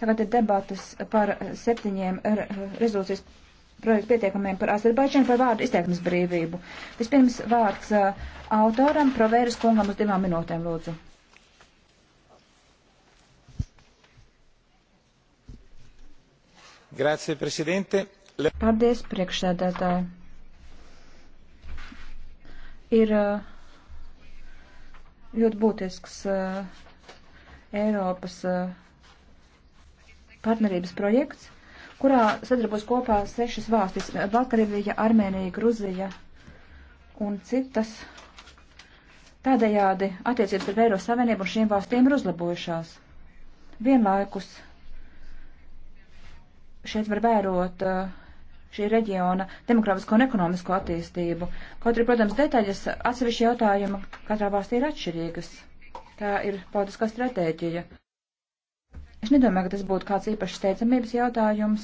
Tagad ir debatas par septiņiem rezolūcijas projektu pietiekamiem par Azerbaidžanu par vārdu izteiksmes brīvību. Vispirms vārds uh, autoram, provēras kungam uz divām minūtēm, lūdzu. Grazie, prezidente. Paldies, priekšsēdētāji. Ir uh, ļoti būtisks uh, Eiropas partnerības projekts, kurā sadarbos kopā sešas valstis - Baltkrievija, Armēnija, Gruzija un citas. Tādējādi attiecības ar Eiropas Savienību un šīm valstīm ir uzlabojušās. Vienlaikus šeit var vērot uh, šī reģiona demokrātisko un ekonomisko attīstību. Kaut arī, protams, detaļas atsevišķi jautājuma katrā valstī ir atšķirīgas. Tā ir politiskā stratēģija. Es nedomāju, ka tas būtu kāds īpašs steidzamības jautājums.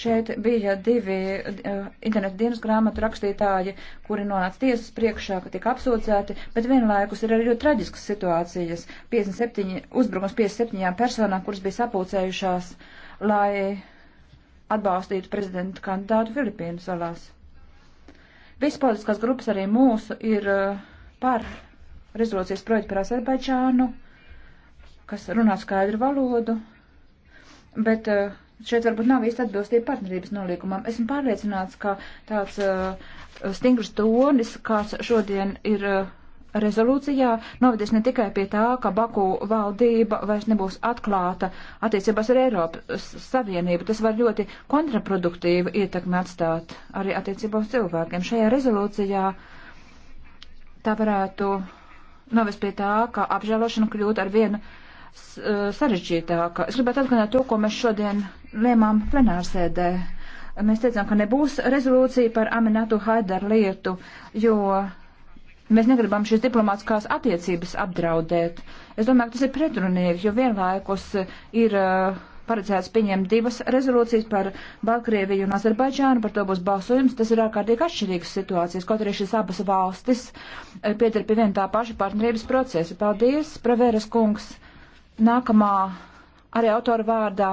Šeit bija divi eh, internetu dienas grāmatu rakstītāji, kuri nonāca tiesas priekšā, ka tika apsūdzēti, bet vienlaikus ir arī ļoti traģiskas situācijas. 57, uzbrukums 57 personām, kuras bija sapulcējušās, lai atbalstītu prezidentu kandidātu Filipīnu salās vispolitiskās grupas arī mūsu ir eh, par rezolūcijas projektu par Azerbaidžānu, kas runā skaidru valodu bet eh, šeit varbūt nav īsti atbilstība partnerības nolīgumam. Esmu pārliecināts, ka tāds eh, stingrs tonis, kāds šodien ir eh, rezolūcijā, novedīs ne tikai pie tā, ka Baku valdība vairs nebūs atklāta attiecībās ar Eiropas Savienību. Tas var ļoti kontraproduktīvi ietekmi atstāt arī attiecībās cilvēkiem. Šajā rezolūcijā tā varētu novest pie tā, ka apžēlošana kļūtu ar vienu Eh, sarežģītāka. Es gribētu atgādināt to, ko mēs šodien lēmām plenārsēdē. Mēs teicām, ka nebūs rezolūcija par Aminatu Haidaru lietu, jo mēs negribam šīs diplomātiskās attiecības apdraudēt. Es domāju, ka tas ir pretrunīgi, jo vienlaikus ir eh, paredzēts pieņemt divas rezolūcijas par Balkrieviju un Azerbaidžānu, par to būs balsojums. Tas ir ārkārtīgi atšķirīgas situācijas, kaut arī šīs abas valstis eh, pieder pie viena tā paša partnerības procesa. Paldies, Pravēras kungs! Nākamā arī autora vārdā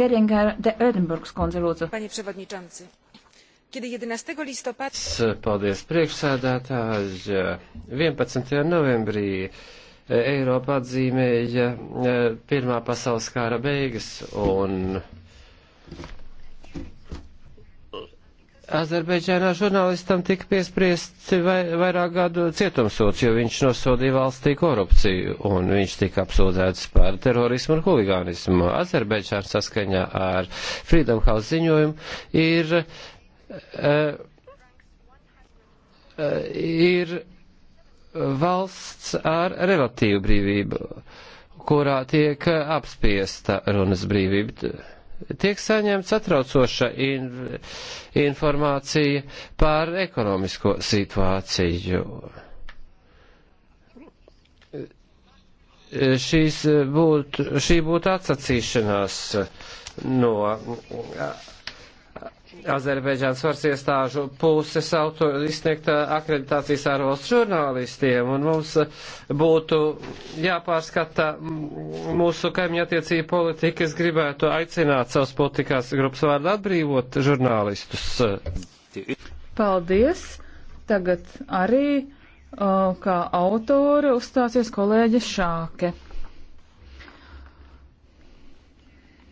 Geringer de Edinburgas kundze lūdzu. E, paldies priekšsēdētāji. 11. E, novembrī e, Eiropa atzīmēja Pirmā pasaules kāra beigas un Azerbaidžānā žurnālistam tika piespriests vai, vairāk gadu cietumsots, jo viņš nosodīja valstī korupciju un viņš tika apsūdzēts par terorismu un huligānismu. Azerbaidžāna saskaņā ar Freedom House ziņojumu ir, uh, uh, ir valsts ar relatīvu brīvību, kurā tiek apspiesta runas brīvība tiek saņemta satraucoša in, informācija par ekonomisko situāciju. Šīs būt, šī būtu atsacīšanās no Azerbaidžānas varas iestāžu puses autor, izsniegta uh, akreditācijas ārvalstu žurnālistiem, un mums uh, būtu jāpārskata mūsu kaimiņa attiecība politika. Es gribētu aicināt savas politikās grupas vārdu atbrīvot žurnālistus. Paldies! Tagad arī uh, kā autore uzstāsies kolēģe Šāke.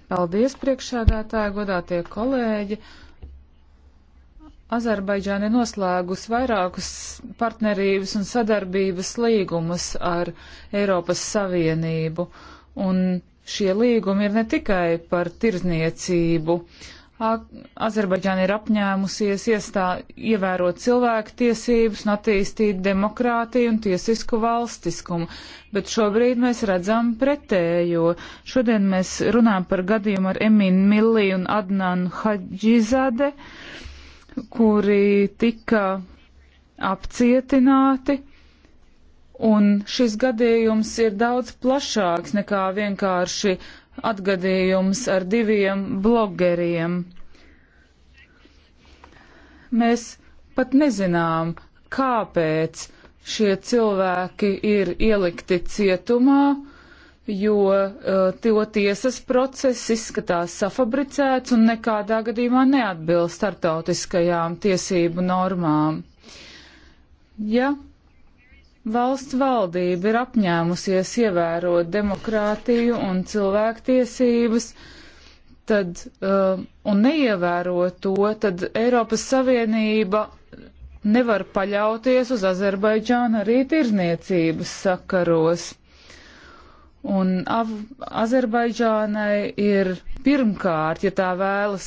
Paldies, priekšsēdētāji, godātie kolēģi! Azerbaidžāna ir noslēgus vairākus partnerības un sadarbības līgumus ar Eiropas Savienību, un šie līgumi ir ne tikai par tirzniecību. Azerbaidžāna ir apņēmusies iestā, ievērot cilvēku tiesības un attīstīt demokrātiju un tiesisku valstiskumu, bet šobrīd mēs redzam pretējo. Šodien mēs runājam par gadījumu ar Emīnu Millī un Adnanu Hadžizade. Uh, kuri tika apcietināti. Un šis gadījums ir daudz plašāks nekā vienkārši atgadījums ar diviem blogeriem. Mēs pat nezinām, kāpēc šie cilvēki ir ielikti cietumā, jo uh, to tiesas process izskatās safabricēts un nekādā gadījumā neatbilst startautiskajām tiesību normām. Ja valsts valdība ir apņēmusies ievērot demokrātiju un cilvēktiesības, tad, uh, un neievēro to, tad Eiropas Savienība nevar paļauties uz Azerbaidžānu arī tirzniecības sakaros. Un Azerbaidžānai ir pirmkārt, ja tā vēlas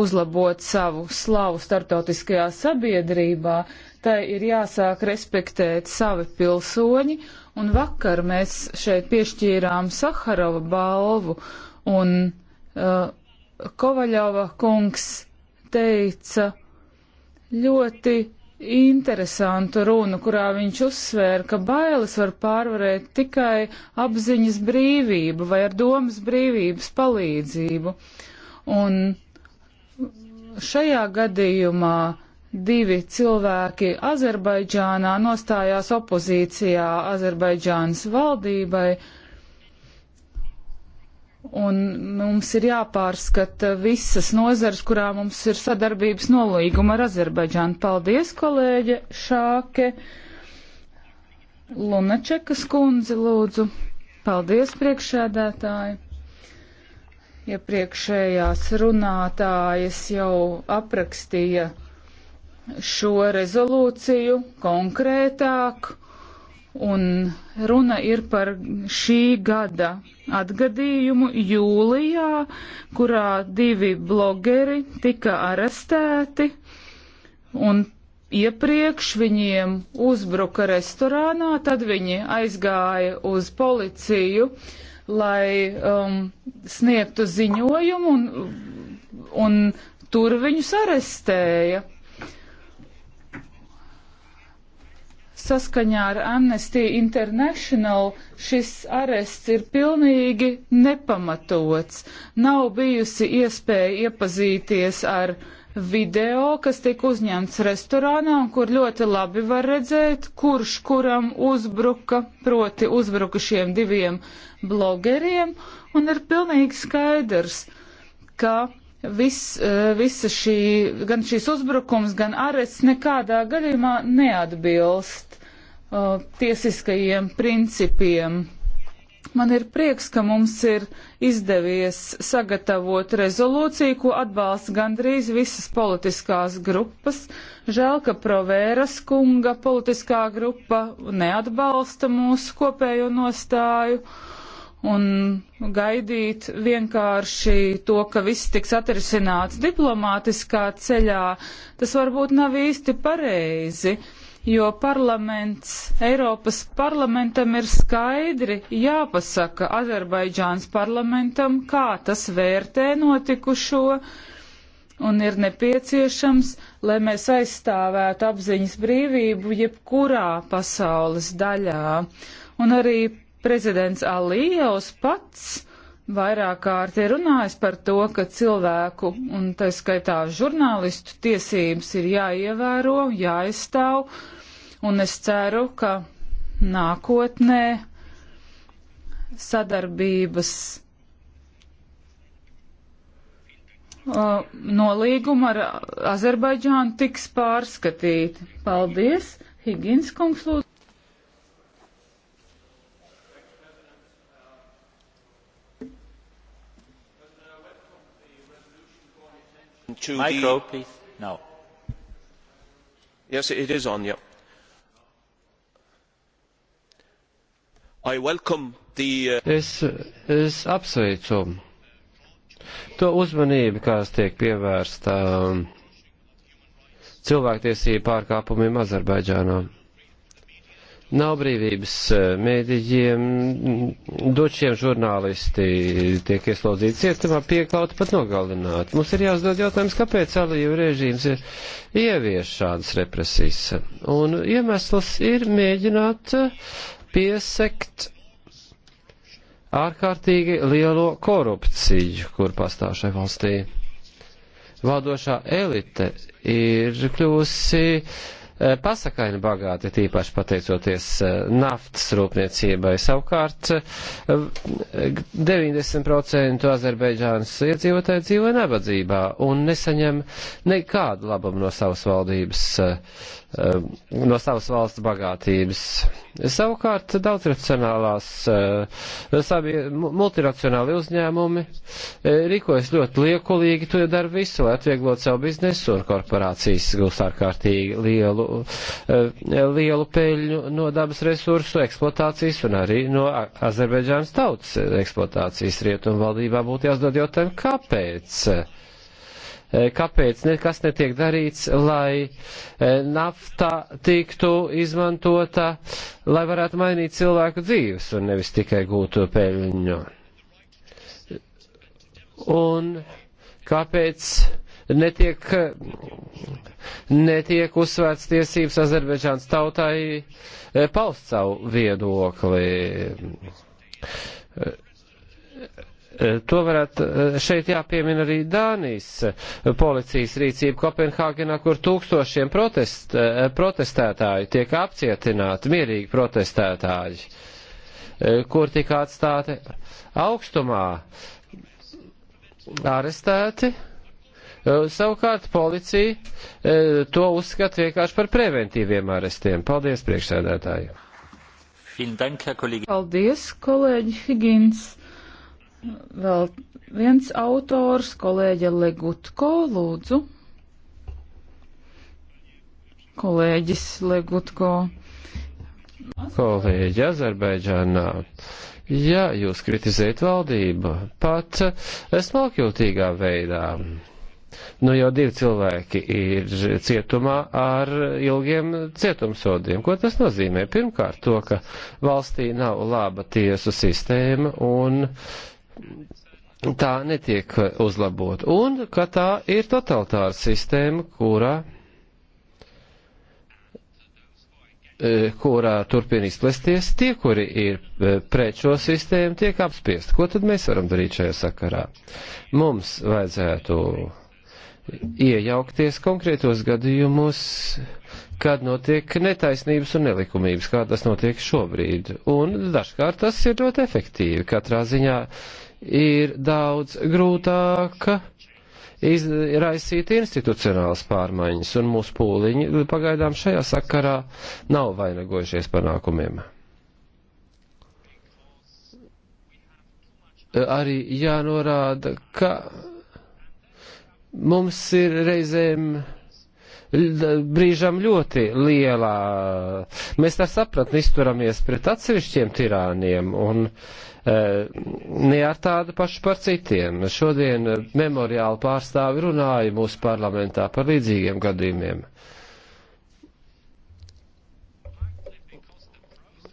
uzlabot savu slavu starptautiskajā sabiedrībā, tai ir jāsāk respektēt savi pilsoņi, un vakar mēs šeit piešķīrām Saharova balvu, un uh, Kovaļova kungs teica ļoti interesantu runu, kurā viņš uzsvēra, ka bailes var pārvarēt tikai apziņas brīvību vai ar domas brīvības palīdzību. Un šajā gadījumā divi cilvēki Azerbaidžānā nostājās opozīcijā Azerbaidžānas valdībai Un mums ir jāpārskata visas nozares, kurā mums ir sadarbības nolīguma ar Azerbaidžānu. Paldies, kolēģe Šāke. Lunačekas kundze, lūdzu. Paldies, priekšēdētāji. Iepriekšējās ja runātājas jau aprakstīja šo rezolūciju konkrētāk Un runa ir par šī gada atgadījumu jūlijā, kurā divi blogeri tika arestēti un iepriekš viņiem uzbruka restorānā, tad viņi aizgāja uz policiju, lai um, sniegtu ziņojumu un, un tur viņus arestēja. Saskaņā ar Amnesty International šis arests ir pilnīgi nepamatots. Nav bijusi iespēja iepazīties ar video, kas tika uzņemts restorānā un kur ļoti labi var redzēt, kurš kuram uzbruka, proti uzbruka šiem diviem blogeriem, un ir pilnīgi skaidrs, ka Vis, eh, visa šī, gan šīs uzbrukums, gan arests nekādā gadījumā neatbilst uh, tiesiskajiem principiem. Man ir prieks, ka mums ir izdevies sagatavot rezolūciju, ko atbalsta gandrīz visas politiskās grupas. Žēl, ka Provēras kunga politiskā grupa neatbalsta mūsu kopējo nostāju. Uh, un gaidīt vienkārši to, ka viss tiks atrisināts diplomātiskā ceļā, tas varbūt nav īsti pareizi, jo parlaments, Eiropas parlamentam ir skaidri jāpasaka Azerbaidžāns parlamentam, kā tas vērtē notikušo un ir nepieciešams, lai mēs aizstāvētu apziņas brīvību jebkurā pasaules daļā. Un arī Prezidents Alijevs pats vairāk kārt ir runājis par to, ka cilvēku, un tā skaitā žurnālistu tiesības ir jāievēro, jāizstāv, un es ceru, ka nākotnē sadarbības uh, nolīguma ar Azerbaidžānu tiks pārskatīti. Paldies, Higins kungs lūdzu. Micro, the... no. yes, on, yeah. the... Uh, es, es apsveicu to uzmanību, kāds tiek pievērsta cilvēktiesību pārkāpumiem Azerbaidžānā. Nav brīvības eh, mēdījiem, dočiem žurnālisti tiek ieslodzīti cietumā, pieklauti pat nogalināti. Mums ir jāuzdod jautājums, kāpēc Alijev režīms ir ievies šādas represijas. Un iemesls ir mēģināt eh, piesekt ārkārtīgi lielo korupciju, kur pastāv šai valstī. Valdošā elite ir kļūsi Eh, pasakaini bagāti, tīpaši pateicoties eh, naftas rūpniecībai. Savukārt 90% eh, Azerbaidžānas iedzīvotāji dzīvo nabadzībā un nesaņem nekādu labumu no savas valdības Eh, no savas valsts bagātības. Savukārt daudzracionālās, eh, savi multiracionāli uzņēmumi eh, rīkojas ļoti liekulīgi, to dara visu, lai atvieglot savu biznesu un korporācijas gūst ārkārtīgi lielu, lielu peļņu no dabas resursu eksploatācijas un arī no Azerbaidžānas tautas eksploatācijas rietumvaldībā būtu jāsdod jautājumu, kāpēc? Eh, kāpēc nekas netiek darīts, lai eh, nafta tiktu izmantota, lai varētu mainīt cilvēku dzīves un nevis tikai gūto peļņu. Un kāpēc netiek, netiek uzsvērts tiesības Azerbaidžāns tautai eh, paust savu viedokli? To varētu eh, šeit jāpiemina arī Dānijas eh, policijas rīcība Kopenhāgenā, kur tūkstošiem protest, eh, protestētāju tiek apcietināti, mierīgi protestētāji, kur tika atstāti augstumā, arestēti. Savukārt policija to uzskata vienkārši par preventīviem arestiem. Paldies priekšsēdētājiem! Paldies, kolēģi Higins! Vēl viens autors, kolēģe Legutko, lūdzu. Kolēģis Legutko. Kolēģi Azerbaidžānā. Ja jūs kritizējat valdību, pat smalkjūtīgā veidā, Nu, jau divi cilvēki ir cietumā ar ilgiem cietumsodiem. Ko tas nozīmē? Pirmkārt, to, ka valstī nav laba tiesu sistēma un uh, tā netiek uzlabot, un ka tā ir totalitāra sistēma, kurā e, kurā turpina izplesties, tie, kuri ir e, pret šo sistēmu, tiek apspiesti. Ko tad mēs varam darīt šajā sakarā? Mums vajadzētu iejaukties konkrētos gadījumos, kad notiek netaisnības un nelikumības, kā tas notiek šobrīd. Un dažkārt tas ir ļoti efektīvi. Katrā ziņā ir daudz grūtāk izraisīt institucionālas pārmaiņas, un mūsu pūliņi pagaidām šajā sakarā nav vainagojušies panākumiem. Arī jānorāda, ka mums ir reizēm brīžam ļoti lielā. Mēs tā sapratni izturamies pret atsevišķiem tirāniem, un uh, Eh, ne ar tādu pašu par citiem. Šodien eh, memoriāla pārstāvi runāja mūsu parlamentā par līdzīgiem gadījumiem.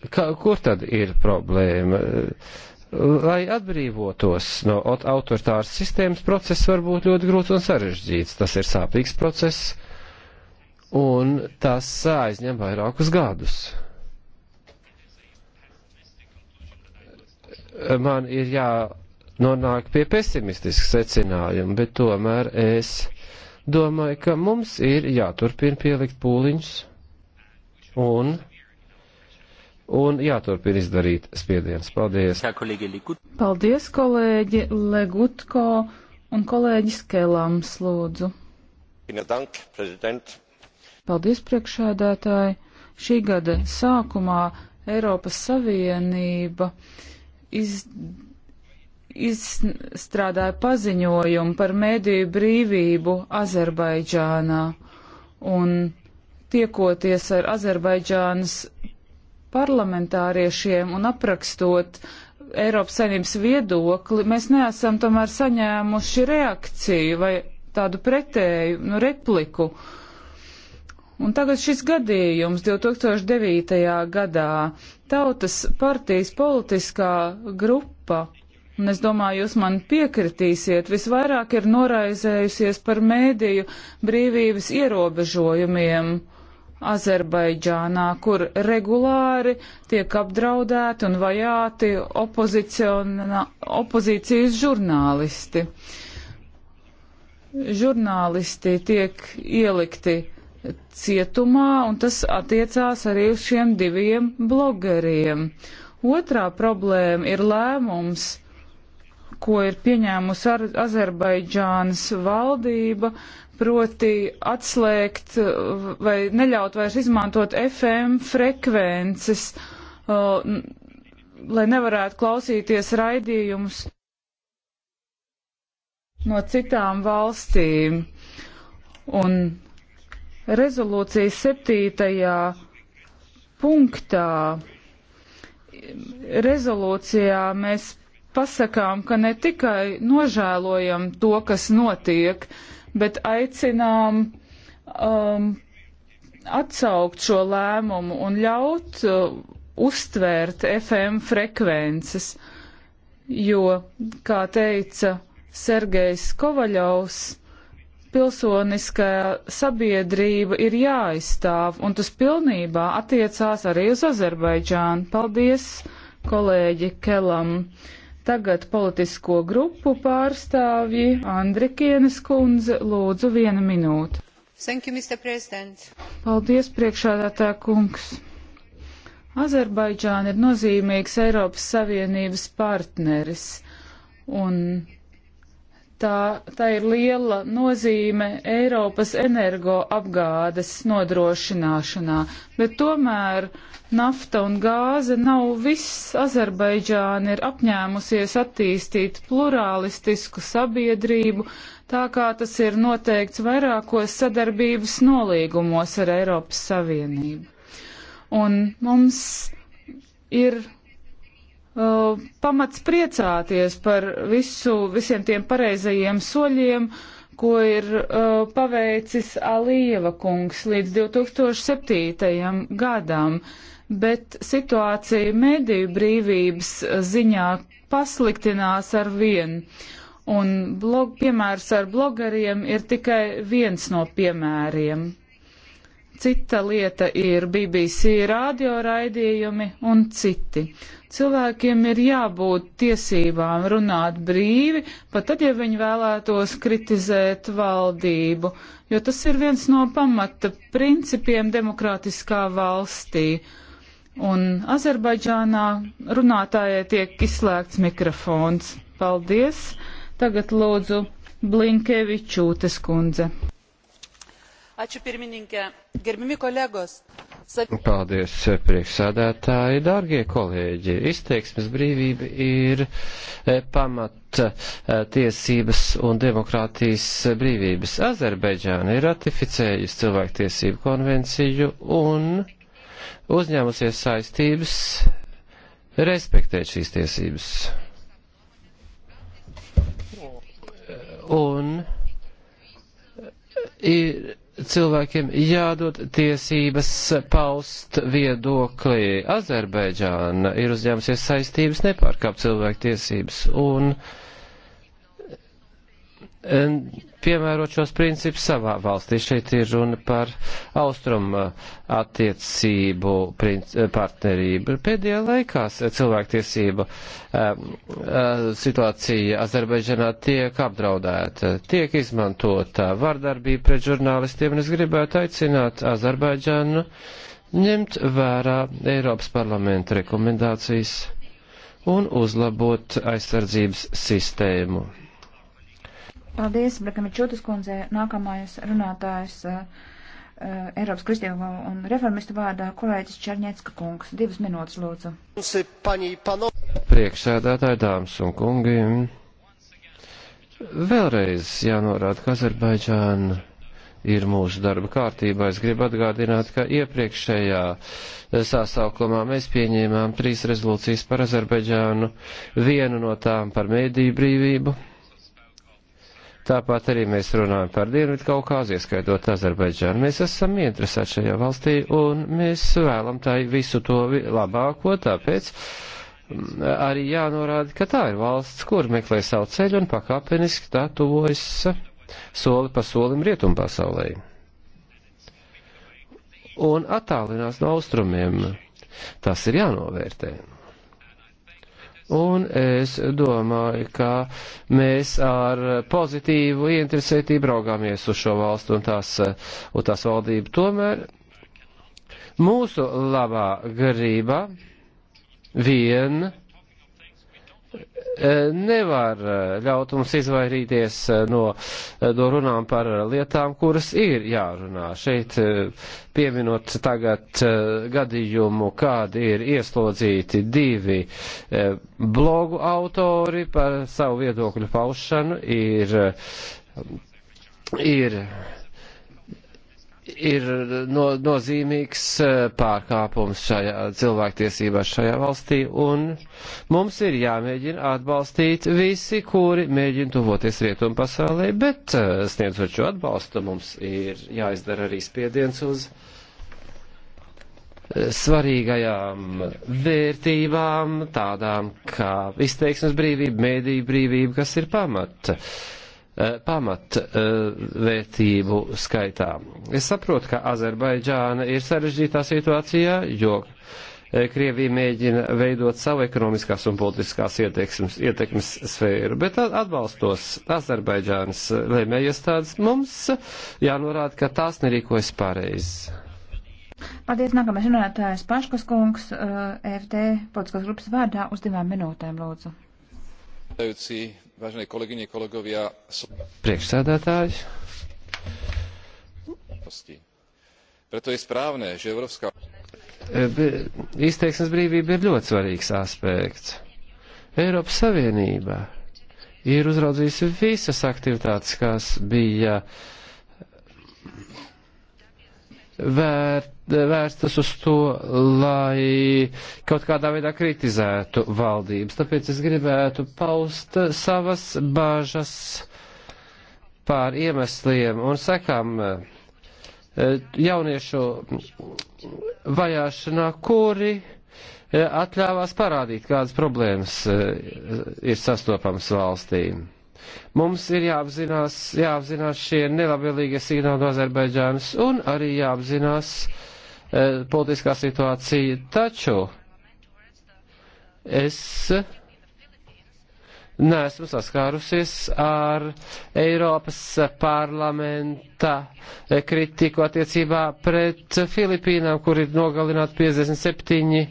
Kā, kur tad ir problēma? Eh, lai atbrīvotos no autoritāras sistēmas, process var būt ļoti grūts un sarežģīts. Tas ir sāpīgs process, un tas aizņem vairākus gadus. man ir jānonāk pie pesimistiska secinājuma, bet tomēr es domāju, ka mums ir jāturpina pielikt pūliņus un, un jāturpina izdarīt spiediens. Paldies! Paldies, kolēģi Legutko un kolēģis Kelams, lūdzu! Paldies, priekšēdētāji! Šī gada sākumā Eiropas Savienība uh, iz, izstrādāja paziņojumu par mēdīju brīvību Azerbaidžānā un tiekoties ar Azerbaidžānas parlamentāriešiem un aprakstot Eiropas saimnības viedokli, mēs neesam tomēr saņēmuši reakciju vai tādu pretēju nu, repliku. Uh, Un tagad šis gadījums 2009. gadā Tautas partijas politiskā grupa, un es domāju, jūs man piekritīsiet, visvairāk ir noraizējusies par mēdīju brīvības ierobežojumiem Azerbaidžānā, kur regulāri tiek apdraudēti un vajāti opozīcijas žurnālisti. Žurnālisti tiek ielikti cietumā, un tas attiecās arī uz šiem diviem blogeriem. Otrā problēma ir lēmums, ko ir pieņēmusi Azerbaidžānas valdība, proti atslēgt uh, vai neļaut vairs izmantot FM frekvences, uh, lai nevarētu klausīties raidījumus no citām valstīm. Un rezolūcijas septītajā punktā. Rezolūcijā mēs pasakām, ka ne tikai nožēlojam to, kas notiek, bet aicinām um, atsaukt šo lēmumu un ļaut uh, uztvērt FM frekvences, jo, kā teica Sergejs Kovaļovs, pilsoniskā sabiedrība ir jāizstāv, un tas pilnībā attiecās arī uz Azerbaidžānu. Paldies, kolēģi Kelam! Tagad politisko grupu pārstāvji Andrikienes kundze lūdzu vienu minūtu. Thank you, Mr. President. Paldies, priekšādātā kungs. Azerbaidžāna ir nozīmīgs Eiropas Savienības partneris, un tā, tā ir liela nozīme Eiropas energoapgādes nodrošināšanā, bet tomēr nafta un gāze nav viss. Azerbaidžāna ir apņēmusies attīstīt plurālistisku sabiedrību, tā kā tas ir noteikts vairākos sadarbības nolīgumos ar Eiropas Savienību. Un mums ir uh, pamats priecāties par visu, visiem tiem pareizajiem soļiem, ko ir uh, paveicis Alieva kungs līdz 2007. gadam, bet situācija mediju brīvības ziņā pasliktinās ar vienu. Un blog, piemērs ar blogeriem ir tikai viens no piemēriem. Cita lieta ir BBC radioraidījumi un citi. Cilvēkiem ir jābūt tiesībām runāt brīvi, pat tad, ja viņi vēlētos kritizēt valdību, jo tas ir viens no pamata principiem demokrātiskā valstī. Un Azerbaidžānā runātājai tiek izslēgts mikrofons. Paldies! Tagad lūdzu Blinkevičūtes kundze. Nu, paldies, priekšsādātāji, dārgie kolēģi. Izteiksmes brīvība ir e, pamat e, tiesības un demokrātijas brīvības. Azerbaidžāna ir ratificējusi cilvēktiesību konvenciju un uzņēmusies saistības respektēt šīs tiesības. Un ir cilvēkiem jādod tiesības paust viedoklī. Azerbaidžāna ir uzņēmusies saistības nepārkāpt cilvēku tiesības un uh, piemērot šos principus savā valstī. Šeit ir runa par austruma eh, attiecību eh, partnerību. Pēdējā laikā cilvēktiesība eh, situācija Azerbaidžanā tiek apdraudēta, tiek izmantota vardarbība pret žurnālistiem, un es gribētu aicināt Azerbaidžanu ņemt vērā Eiropas parlamenta rekomendācijas un uzlabot aizsardzības sistēmu. Paldies, Brekamičotas kundze. Nākamais runātājs uh, Eiropas kristievu un reformistu vārdā kolēģis Černiecka kungs. Divas minūtes, lūdzu. Priekšsēdētāji, dāmas un kungi. Vēlreiz jānorāda, ka Azerbaidžāna ir mūsu darba kārtībā. Es gribu atgādināt, ka iepriekšējā sasaukumā mēs pieņēmām trīs rezolūcijas par Azerbaidžānu, vienu no tām par mēdīju brīvību Tāpat arī mēs runājam par Dienvidu Kaukāzu, ieskaitot Azerbaidžānu. Mēs esam interesēti šajā valstī un mēs vēlam tai visu to labāko, tāpēc mm, arī jānorāda, ka tā ir valsts, kur meklē savu ceļu un pakāpeniski tā tuvojas soli pa solim rietumu pasaulē. Un attālinās no austrumiem. Tas ir jānovērtē. Un es domāju, ka mēs ar pozitīvu ieinteresētību raugāmies uz šo valstu un tās, un tās valdību. Tomēr mūsu labā garība vien Eh, nevar eh, ļaut mums izvairīties eh, no, no runām par lietām, kuras ir jārunā. Šeit pieminot tagad gadījumu, kādi ir ieslodzīti divi blogu autori par savu viedokļu paušanu, ir, ir ir no, nozīmīgs eh, pārkāpums šajā cilvēktiesībā šajā valstī, un mums ir jāmēģina atbalstīt visi, kuri mēģina tuvoties rietumu pasaulē, bet eh, sniedzot šo atbalstu, mums ir jāizdara arī spiediens uz eh, svarīgajām vērtībām, tādām kā izteiksmes brīvība, mēdīja brīvība, kas ir pamata Eh, pamatvērtību eh, skaitā. Es saprotu, ka Azerbaidžāna ir sarežģītā situācijā, jo eh, Krievija mēģina veidot savu ekonomiskās un politiskās ietekmes, ietekmes sfēru, bet atbalstos Azerbaidžānas lēmējiestādes mums jānorāda, ka tās nerīkojas pareizi. Paldies, nākamais runātājs Paškas kungs, FD politiskās grupas vārdā uz divām minūtēm, lūdzu vážené kolegyne kolegovia priekšsēdētāj preto je správne že európska e, izteiksmes brīvība ir ļoti svarīgs aspekts. Eiropas Savienība ir uzraudzījusi visas aktivitātes, kas bija vērt, vērstas uz to, lai kaut kādā veidā kritizētu valdības. Tāpēc es gribētu paust savas bāžas pār iemesliem un sekām eh, jauniešu vajāšanā, kuri eh, atļāvās parādīt, kādas problēmas eh, ir sastopamas valstīm. Mums ir jāapzinās, jāapzinās šie nelabvēlīgie signāli no Azerbaidžānas un arī jāapzinās e, politiskā situācija. Taču es neesmu saskārusies ar Eiropas parlamenta kritiku attiecībā pret Filipīnām, kur ir nogalināti 57 e,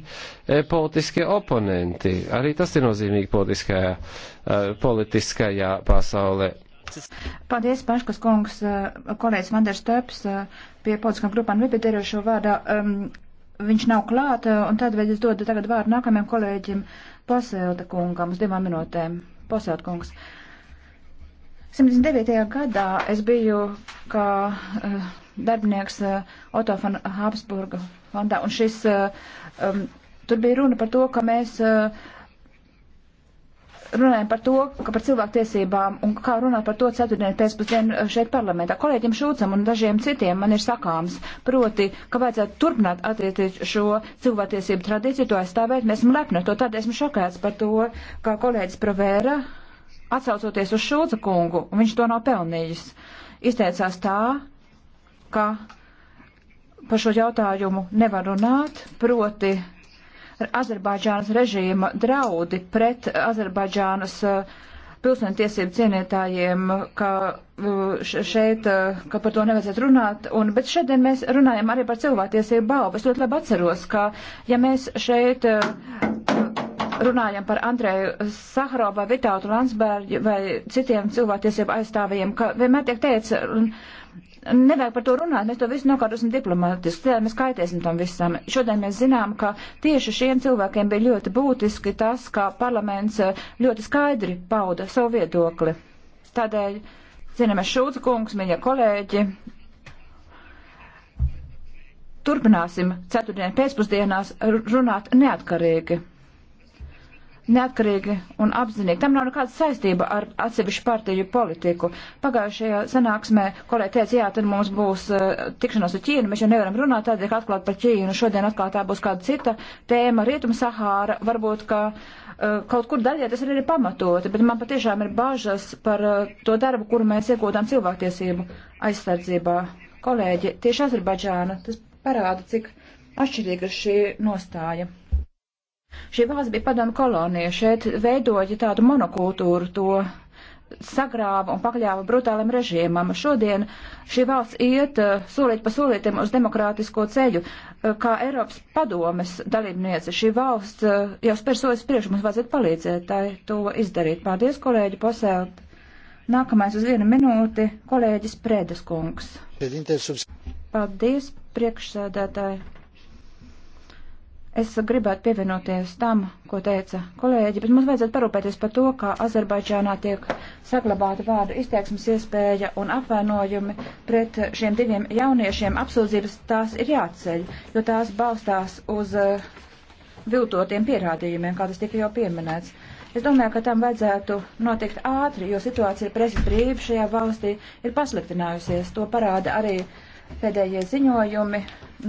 politiskie oponenti. Arī tas ir nozīmīgi politiskajā Eh, politiskajā pasaulē. Paldies, Paškas kungs, eh, kolēģis Manders Teps, eh, pie politiskām grupām nepiedarošo vārdā. Um, viņš nav klāt, un tad vēl es dodu tagad vārdu nākamajam kolēģim Posēlta kungam uz divām minūtēm. Posēlta kungs. 79. gadā es biju kā uh, darbinieks uh, Otto von Habsburga fondā, un šis, uh, um, tur bija runa par to, ka mēs uh, runājam par to, ka par cilvēktiesībām un kā runāt par to ceturtdienu pēcpusdienu eh, šeit parlamentā. Kolēģim Šulcam un dažiem citiem man ir sakāms, proti, ka vajadzētu turpināt attīstīt šo cilvēktiesību tradīciju, to aizstāvēt. Mēs esam lepni ar to, tādēļ esmu šokēts par to, ka kolēģis Pravēra, atsaucoties uz Šulca kungu, un viņš to nav pelnījis, izteicās tā, ka par šo jautājumu nevar runāt, proti Azerbaidžānas režīma draudi pret Azerbaidžānas uh, pilsonietiesību cienītājiem, ka uh, šeit, uh, ka par to nevajadzētu runāt, un, bet šodien mēs runājam arī par cilvēktiesību balvu. Es ļoti labi atceros, ka ja mēs šeit runājam par Andreju Saharovu vai Vitālu Landsbergu vai citiem cilvēktiesību aizstāvjiem, ka vienmēr tiek teica, nevajag par to runāt, mēs to visu nokārtosim diplomātiski, tad mēs kaitēsim tam visam. Šodien mēs zinām, ka tieši šiem cilvēkiem bija ļoti būtiski tas, ka parlaments eh, ļoti skaidri pauda savu viedokli. Tādēļ, cienījamais Šūdzu kungs, mīļie kolēģi, turpināsim ceturtdien pēcpusdienās runāt neatkarīgi neatkarīgi un apzinīgi. Tam nav nekāda saistība ar atsevišķu partiju politiku. Pagājušajā sanāksmē kolēģi teica, jā, tad mums būs uh, eh, tikšanos ar Ķīnu, mēs jau nevaram runāt tādēļ atklāt par Ķīnu. Šodien atklāt tā būs kāda cita tēma, Rietuma Sahāra, varbūt, ka uh, kaut kur daļai tas arī ir pamatoti, bet man patiešām ir bažas par uh, to darbu, kuru mēs iegūtām cilvēktiesību aizsardzībā. Kolēģi, tieši Azerbaidžāna, tas parāda, cik atšķirīga šī nostāja. Šī valsts bija padomu kolonija, šeit veidoja tādu monokultūru, to sagrāva un pakļāva brutālam režīmam. Šodien šī valsts iet eh, solīt pa solītim uz demokrātisko ceļu. Eh, kā Eiropas padomes dalībniece šī valsts eh, jau spēr solis priekš, mums vajadzētu palīdzēt tai to izdarīt. Paldies, kolēģi, posēlt. Nākamais uz vienu minūti kolēģis Prēdas kungs. Paldies, priekšsēdētāji. Es gribētu pievienoties tam, ko teica kolēģi, bet mums vajadzētu parūpēties par to, kā Azerbaidžānā tiek saglabāta vārdu izteiksmes iespēja un apvainojumi pret šiem diviem jauniešiem. Apsūdzības tās ir jāceļ, jo tās balstās uz uh, viltotiem pierādījumiem, kā tas tika jau pieminēts. Es domāju, ka tam vajadzētu notikt ātri, jo situācija preses brīva šajā valstī ir pasliktinājusies. To parāda arī pēdējie ziņojumi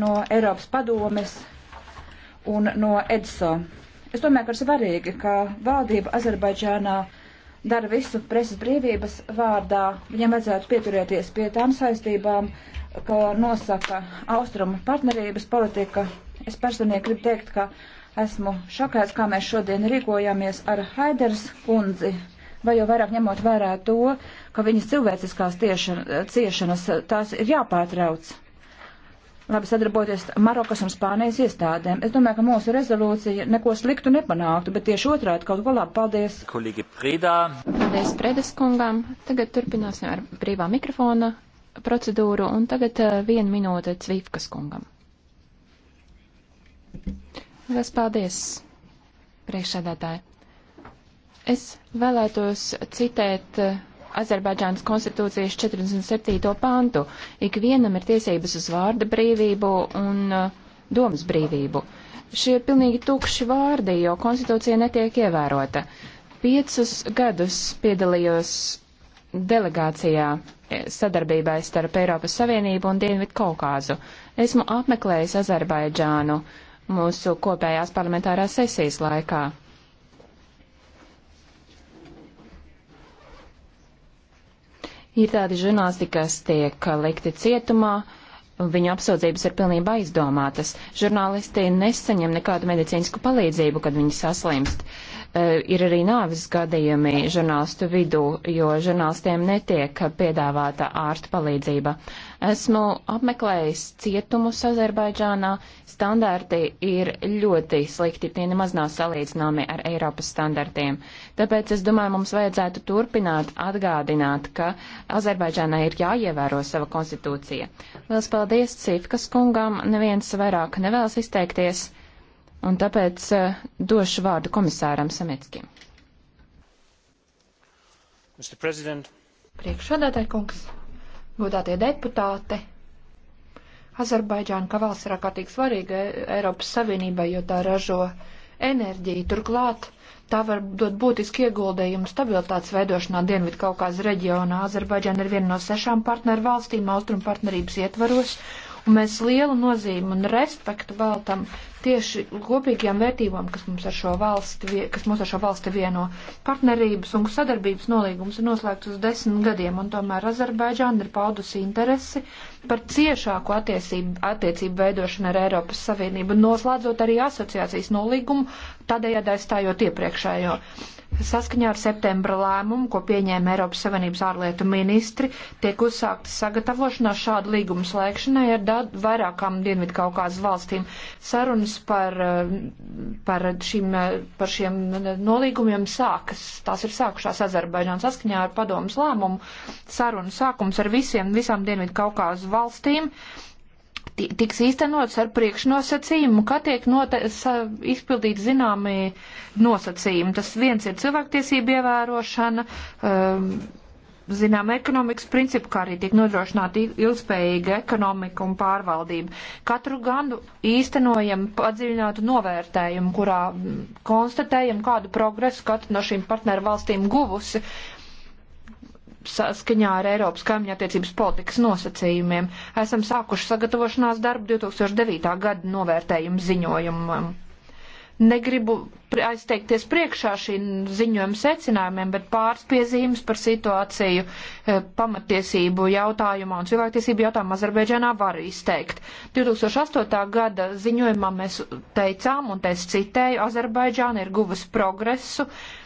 no Eiropas padomes un no EDSO. Es domāju, ka ir svarīgi, ka valdība Azerbaidžānā dara visu preses brīvības vārdā. Viņam vajadzētu pieturēties pie tām saistībām, ko nosaka austrumu partnerības politika. Es personīgi gribu teikt, ka esmu šokēts, kā mēs šodien rīkojāmies ar Haiders kundzi, vai jau vairāk ņemot vērā to, ka viņas cilvēciskās tieša, ciešanas tās ir jāpārtrauc labi sadarboties Marokas un Spānijas iestādēm. Es domāju, ka mūsu rezolūcija neko sliktu nepanāktu, bet tieši otrādi kaut ko labu. Paldies! Kolīgi Prīdā! Paldies Prēdes kungam! Tagad turpināsim ar brīvā mikrofona procedūru un tagad eh, viena minūte Cvīfkas kungam. Liels paldies, priekšsēdētāji! Es vēlētos citēt uh, Azerbaidžānas konstitūcijas 47. pantu. Ikvienam ir tiesības uz vārda brīvību un uh, domas brīvību. Šie ir pilnīgi tukši vārdi, jo konstitūcija netiek ievērota. Piecus gadus piedalījos delegācijā eh, sadarbībai starp Eiropas Savienību un Dienvidu Kaukāzu. Esmu apmeklējis Azerbaidžānu mūsu kopējās parlamentārās sesijas laikā. Ir tādi žurnālisti, kas tiek likti cietumā, viņu apsūdzības ir pilnībā aizdomātas. Žurnālisti nesaņem nekādu medicīnisku palīdzību, kad viņi saslimst. E, ir arī nāvis gadījumi žurnālistu vidū, jo žurnālistiem netiek piedāvāta ārsta palīdzība. Uh, Esmu apmeklējis cietumus Azerbaidžānā. Standarti ir ļoti slikti, tie nemaz nav salīdzināmi ar Eiropas standartiem. Tāpēc es domāju, mums vajadzētu turpināt atgādināt, ka Azerbaidžānai ir jāievēro sava konstitūcija. Lielas paldies Cifkas kungam, neviens vairāk nevēlas izteikties, un tāpēc eh, došu vārdu komisāram Sametskim. Priekšsādātāji kungs godātie deputāti. Azerbaidžāna kavals ir ārkārtīgi svarīga e- Eiropas Savienībai, jo tā ražo enerģiju. Turklāt tā var dot būtiski ieguldījumu stabilitātes veidošanā Dienvidu Kaukāza reģionā. Azerbaidžāna ir viena no sešām partneru valstīm austrumu partnerības ietvaros Un mēs lielu nozīmi un respektu veltam tieši kopīgajām vērtībām, kas mums ar šo valsti, kas mums ar šo valsti vieno. Partnerības un sadarbības nolīgums ir noslēgts uz desmit gadiem, un tomēr Azerbaidžāna ir paudusi interesi par ciešāku attiecību, attiecību veidošanu ar Eiropas Savienību, noslēdzot arī asociācijas nolīgumu, tādējādi aizstājot iepriekšējo. Saskaņā ar septembra lēmumu, ko pieņēma Eiropas Savienības ārlietu ministri, tiek uzsākta sagatavošanās šādu līgumu slēgšanai ar vairākām Dienvidkaukās valstīm. Sarunas par, eh, par, šīm, eh, par šiem nolīgumiem sākas. Tās ir sākušās Azerbaidžāna saskaņā ar padomas lēmumu. Sarunu sākums ar visiem, visām Dienvidkaukās valstīm. Uh, tiks īstenots ar priekšnosacījumu, ka tiek izpildīti zināmi nosacījumi. Tas viens ir cilvēktiesība ievērošana, um, zinām, ekonomikas principu, kā arī tiek nodrošināta ilgspējīga ekonomika un pārvaldība. Katru gadu īstenojam padziļinātu novērtējumu, kurā konstatējam, kādu progresu katra no šīm partneru valstīm guvusi saskaņā ar Eiropas kaimiņa attiecības politikas nosacījumiem. Esam sākuši sagatavošanās darbu 2009. gada novērtējumu ziņojumam. Negribu aizteikties priekšā šīm ziņojuma secinājumiem, bet pāris piezīmes par situāciju e, pamatiesību jautājumā un cilvēktiesību jautājumā Azerbaidžanā var izteikt. 2008. gada ziņojumā mēs teicām, un es citēju, Azerbaidžāna ir guvusi progresu uh,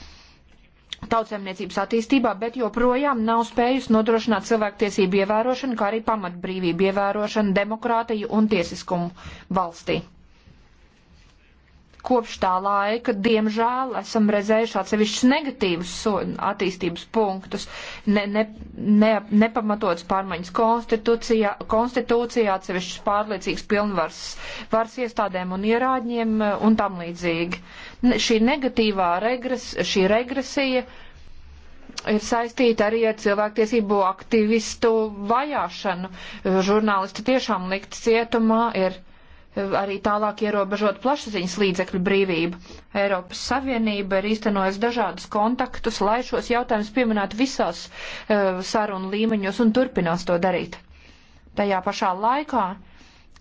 tautsēmniecības attīstībā, bet joprojām nav spējusi nodrošināt cilvēktiesību ievērošanu, kā arī pamatbrīvību ievērošanu, demokrātiju un tiesiskumu valstī. Kopš tā laika, diemžēl, esam redzējuši atsevišķus negatīvus attīstības punktus, ne, ne, ne, nepamatots pārmaiņas konstitūcijā, konstitūcijā atsevišķus pārliecīgs pilnvars varas iestādēm un ierādņiem e, un tam līdzīgi. Šī negatīvā regres, šī regresija ir saistīta arī ar cilvēktiesību aktivistu vajāšanu. Žurnālisti tiešām likt cietumā ir arī tālāk ierobežot plašsaziņas līdzekļu brīvību. Eiropas Savienība ir īstenojusi dažādus kontaktus, lai šos jautājumus pieminētu visās uh, sarunu līmeņos un turpinās to darīt. Tajā pašā laikā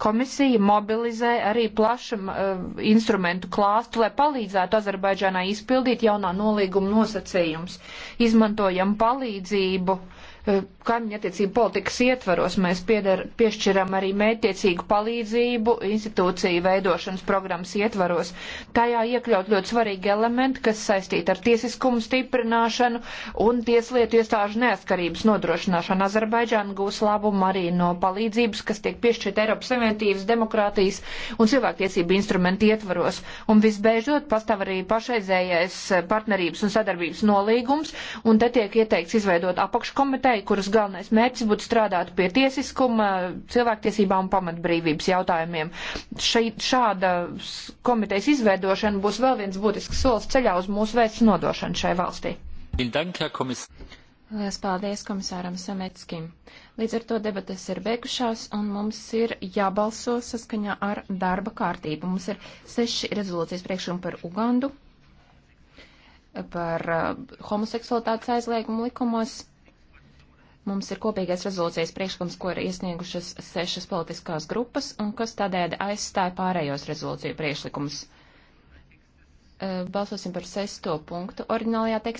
komisija mobilizē arī plašu uh, instrumentu klāstu, lai palīdzētu Azerbaidžānai izpildīt jaunā nolīguma nosacījums. Izmantojam palīdzību. Uh, kaimiņattiecību politikas ietvaros mēs piedar, piešķiram arī mētiecīgu palīdzību institūciju veidošanas programmas ietvaros. Tajā iekļaut ļoti svarīgi elementi, kas saistīti ar tiesiskumu stiprināšanu un tieslietu iestāžu neatkarības nodrošināšanu. Azerbaidžāna gūs labumu arī no palīdzības, kas tiek piešķirta Eiropas Savienības demokrātijas un cilvēktiesību instrumentu ietvaros. Un visbeidzot pastāv arī pašreizējais partnerības un sadarbības nolīgums, un te tiek ieteikts izveidot apakškomiteju, kuras galvenais mērķis būtu strādāt pie tiesiskuma, cilvēktiesībām un pamatbrīvības jautājumiem. Šai, šāda komitejas izveidošana būs vēl viens būtisks solis ceļā uz mūsu vēsts nodošanu šai valstī. Lielas paldies komisāram Sametskim. Līdz ar to debates ir beigušās un mums ir jābalso saskaņā ar darba kārtību. Mums ir seši rezolūcijas priekšlikumi par Ugandu, par uh, homoseksualitātes aizliegumu likumos, Mums ir kopīgais rezolūcijas priekšlikums, ko ir iesniegušas sešas politiskās grupas un kas tādēļ aizstāja pārējos rezolūciju priekšlikumus. Balsosim par sesto punktu. Orģinālajā tekstā.